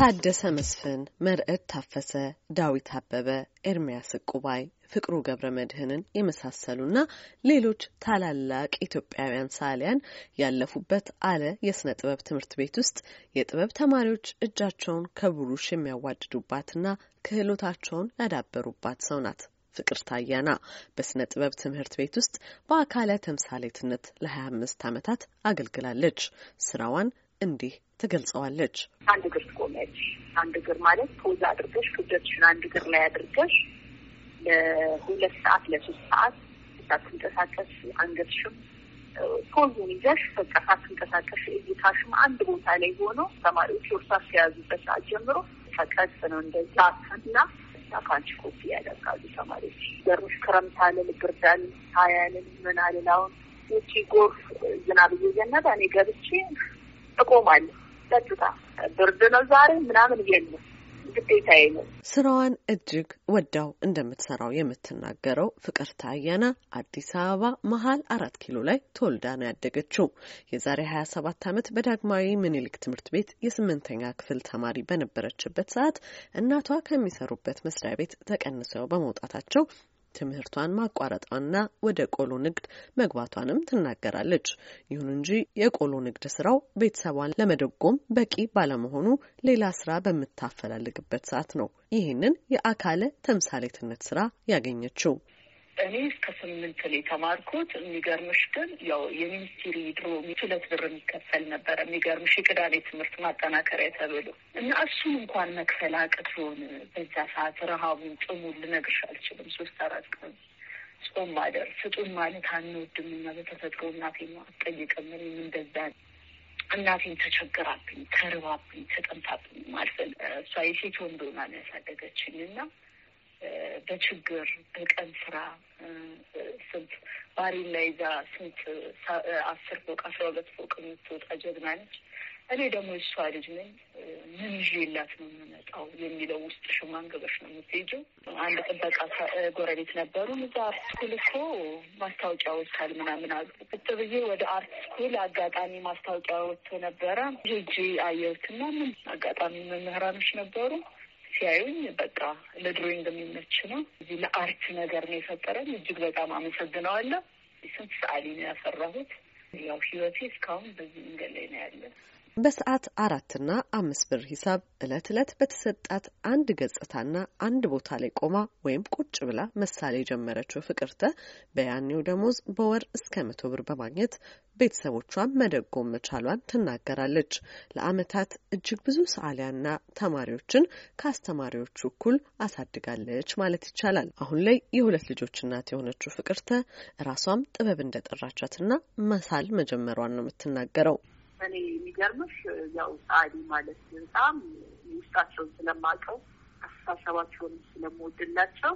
ታደሰ መስፍን፣ መርዕድ ታፈሰ፣ ዳዊት አበበ፣ ኤርሚያስ ዕቁባይ ፍቅሩ ገብረ መድህንን የመሳሰሉና ሌሎች ታላላቅ ኢትዮጵያውያን ሳሊያን ያለፉበት አለ የስነ ጥበብ ትምህርት ቤት ውስጥ የጥበብ ተማሪዎች እጃቸውን ከብሩሽ የሚያዋድዱባትና ክህሎታቸውን ያዳበሩባት ሰው ናት። ፍቅር ታያና በስነ ጥበብ ትምህርት ቤት ውስጥ በአካለ ተምሳሌትነት ለ25 ዓመታት አገልግላለች። ስራዋን እንዲህ ትገልጸዋለች። አንድ እግር ቆመች። አንድ እግር ማለት ፖዝ አድርገሽ ክብደትሽን አንድ እግር ላይ አድርገሽ ለሁለት ሰዓት ለሶስት ሰዓት ሳትንቀሳቀስ አንገትሽም ፖዙን ይዘሽ በቃ ሳትንቀሳቀሽ እይታሽም አንድ ቦታ ላይ ሆኖ ተማሪዎች እርሳስ ከያዙበት ሰዓት ጀምሮ ፈቀጥ ነው እንደዛ እና ፓንች ኮፒ ያደርጋሉ ተማሪዎች ዘሮች ክረምት አለን ብርዳል ሀያልን ምን አልን አሁን ውጪ ጎርፍ ዝናብ እየዘነበ እኔ ገብቼ እቆማለሁ። ጸጥታ ብርድ ነው ዛሬ ምናምን የለም ስራዋን እጅግ ወዳው እንደምትሰራው የምትናገረው ፍቅርተ ታያና አዲስ አበባ መሀል አራት ኪሎ ላይ ተወልዳ ነው ያደገችው። የዛሬ ሀያ ሰባት ዓመት በዳግማዊ ምኒልክ ትምህርት ቤት የስምንተኛ ክፍል ተማሪ በነበረችበት ሰዓት እናቷ ከሚሰሩበት መስሪያ ቤት ተቀንሰው በመውጣታቸው ትምህርቷን ማቋረጧንና ወደ ቆሎ ንግድ መግባቷንም ትናገራለች። ይሁን እንጂ የቆሎ ንግድ ስራው ቤተሰቧን ለመደጎም በቂ ባለመሆኑ ሌላ ስራ በምታፈላልግበት ሰዓት ነው ይህንን የአካለ ተምሳሌትነት ስራ ያገኘችው። እኔ እስከ ስምንት ነው የተማርኩት። የሚገርምሽ ግን ያው የሚኒስቴሪ ድሮ ሁለት ብር የሚከፈል ነበረ። የሚገርምሽ የቅዳሜ ትምህርት ማጠናከሪያ ተብሎ እና እሱም እንኳን መክፈል አቅቶን በዛ ሰዓት ረሃቡን ጥሙን ልነግርሽ አልችልም። ሶስት አራት ቀን ጾም ማደር ስጡን ማለት አንወድም እና በተፈጥሮ እናቴ ነው አትጠይቅም። እኔም እንደዛ እናቴን ተቸግራብኝ ተርባብኝ ተጠምታብኝ ማለት እሷ የሴት ወንዶ ማለት ነው ያሳደገችኝ እና በችግር በቀን ስራ ስንት ባሪን ላይ ዛ ስንት አስር ፎቅ አስራ ሁለት ፎቅ የምትወጣ ጀግና ነች። እኔ ደግሞ እሷ ልጅ ነኝ ምን ይዤላት ነው የምመጣው የሚለው ውስጥ ሽማን ገበሽ ነው የምትሄጂው። አንድ ጥበቃ ጎረቤት ነበሩ። እዛ አርት ስኩል እኮ ማስታወቂያ ወጥቷል ምናምን አሉ። ብጥ ብዬ ወደ አርት ስኩል አጋጣሚ ማስታወቂያ ወጥቶ ነበረ። ሄጄ አየሁትና ምን አጋጣሚ መምህራኖች ነበሩ ሲያዩኝ በቃ ለድሮይንግ የሚመች ነው። እዚህ ለአርት ነገር ነው የፈጠረኝ። እጅግ በጣም አመሰግነዋለሁ። ስንት ሰዓሊ ነው ያፈራሁት። ያው ህይወቴ እስካሁን በዚህ መንገድ ላይ ነው ያለ። በሰዓት አራትና አምስት ብር ሂሳብ እለት እለት በተሰጣት አንድ ገጽታና አንድ ቦታ ላይ ቆማ ወይም ቁጭ ብላ መሳሌ የጀመረችው ፍቅርተ በያኔው ደሞዝ በወር እስከ መቶ ብር በማግኘት ቤተሰቦቿን መደጎም መቻሏን ትናገራለች። ለአመታት እጅግ ብዙ ሰዓሊያና ተማሪዎችን ከአስተማሪዎቹ እኩል አሳድጋለች ማለት ይቻላል። አሁን ላይ የሁለት ልጆች እናት የሆነችው ፍቅርተ ራሷም ጥበብ እንደጠራቻትና መሳል መጀመሯን ነው የምትናገረው። እኔ የሚገርምሽ ያው ሰዓሊ ማለት በጣም ውስጣቸውን ስለማውቀው አስተሳሰባቸውን ስለምወድላቸው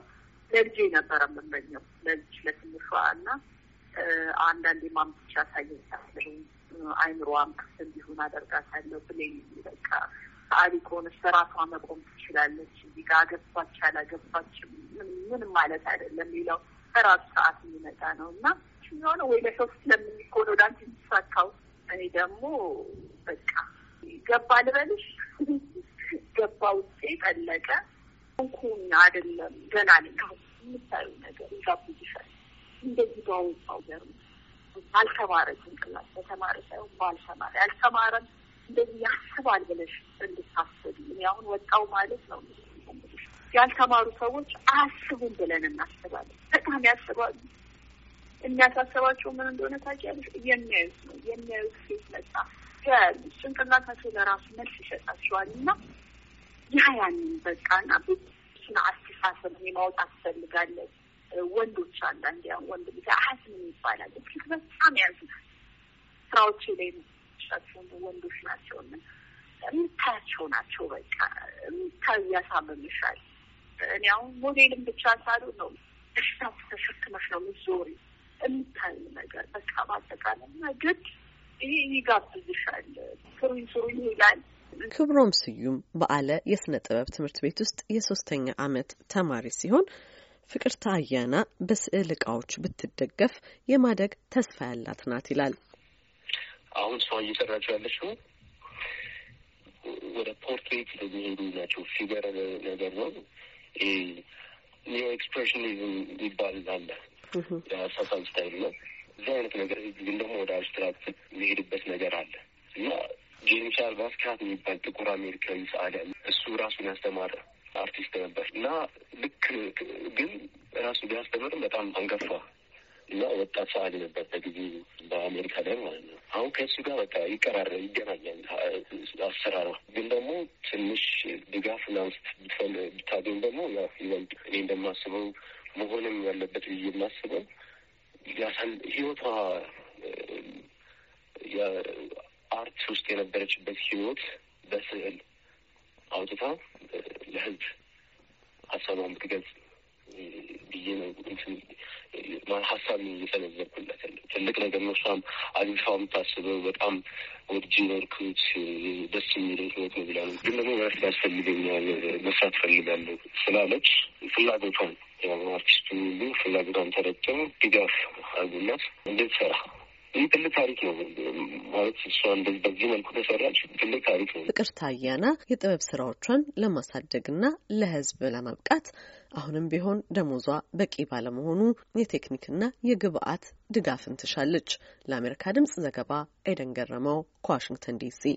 ለልጄ ነበረ የምመኘው ለልጅ ለትንሿ እና አንዳንድ ማምቻ ያሳየታለሁ አይምሮዋም ክፍት እንዲሆን አደርጋታለሁ። ብሌን በቃ ሰዓሊ ከሆነች በራሷ መቆም ትችላለች። እዚህ ጋ አገባች አላገባችም ምንም ማለት አይደለም። ሌላው በራሱ ሰዓት የሚመጣ ነው እና የሆነ ወይ ለሰው ስለምንኮን ወደ አንቺ የሚሳካው እኔ ደግሞ በቃ ገባ ልበልሽ ገባ ውጤ ጠለቀ እንኩን አይደለም ገና ልካ የምታዩ ነገር ይጋብዝሻል እንደዚህ በአውጣው ገርም ባልተማረ ጭንቅላት በተማረ ሳይሆን ባልተማረ ያልተማረም እንደዚህ ያስባል ብለሽ እንድታስብ እኔ አሁን ወጣው ማለት ነው። ያልተማሩ ሰዎች አያስቡም ብለን እናስባለን። በጣም ያስባሉ። የሚያሳስባቸው ምን እንደሆነ ታውቂያለሽ? የሚያዩት ነው። የሚያዩት ሴት መጣ ጭንቅላታቸው ለራሱ መልስ ይሰጣቸዋል። እና ያ ያንን በቃ ና ብዙ እሱን አስተሳሰብ ማውጣት ትፈልጋለች ወንዶች አለ እንዲያውም ወንድ ልጅ አሀስም ይባላል። እጅግ በጣም ያዝናል። ስራዎች ላይ የሚሰሩት ወንዶች ናቸው የምታያቸው ናቸው። በቃ የምታዩ ያሳምምሻል። እኔ አሁን ሞዴልም ብቻ ሳሉ ነው በሽታ ተሸክመሽ ነው ምዞሪ የምታዩ ነገር በቃ በአጠቃላይ እና ይሄ ይጋብዝሻል። ስሩኝ ስሩኝ ይላል። ክብሮም ስዩም በአለ የስነ ጥበብ ትምህርት ቤት ውስጥ የሶስተኛ አመት ተማሪ ሲሆን ፍቅርታ አያና በስዕል እቃዎች ብትደገፍ የማደግ ተስፋ ያላት ናት ይላል። አሁን ሰው እየሰራቸው ያለችው ወደ ፖርትሬት የሚሄዱ ናቸው። ፊገር ነገር ነው ይሄ ኒዮ ኤክስፕሬሽኒዝም ይባል አለ። የአሳሳል ስታይል ነው። እዚ አይነት ነገር ግን ደግሞ ወደ አብስትራክት የሚሄድበት ነገር አለ እና ጄምስ አልባስካት የሚባል ጥቁር አሜሪካዊ ሰዓሊ እሱ ራሱን ያስተማረ አርቲስት ነበር እና ልክ ግን ራሱ ቢያስተምርም በጣም አንገፋ እና ወጣት ሰዓሊ ነበር በጊዜ በአሜሪካ ላይ ማለት ነው። አሁን ከእሱ ጋር በቃ ይቀራረ ይገናኛል አሰራራ ግን ደግሞ ትንሽ ድጋፍ ናንስ ብታገኝ ደግሞ ያው ይበልጥ እኔ እንደማስበው መሆንም ያለበት ብዬ የማስበው ህይወቷ የአርት ውስጥ የነበረችበት ህይወት በስዕል አውጥታ ለህዝብ ሀሳቧን ብትገልጽ ብዬ ነው ሀሳብ እየሰነዘርኩለት ትልቅ ነገር ነው። እሷም አግኝፋ የምታስበው በጣም ወድጅ ኖርኩት ደስ የሚለኝ ህይወት ነው ብላለች። ግን ደግሞ መስ ያስፈልገኛል መስራት ፈልጋለሁ ስላለች ፍላጎቷን አርቲስቱ ሁሉ ፍላጎቷን ተረድተው ድጋፍ አድርጎላት እንድትሰራ ይህ ትልቅ ታሪክ ነው ማለት እሷ እንደዚህ በዚህ መልኩ ተሰራች ትልቅ ታሪክ ነው። ፍቅር ታያና የጥበብ ስራዎቿን ለማሳደግና ለህዝብ ለማብቃት አሁንም ቢሆን ደሞዟ በቂ ባለመሆኑ የቴክኒክና የግብአት ድጋፍን ትሻለች። ለአሜሪካ ድምጽ ዘገባ ኤደን ገረመው ከዋሽንግተን ዲሲ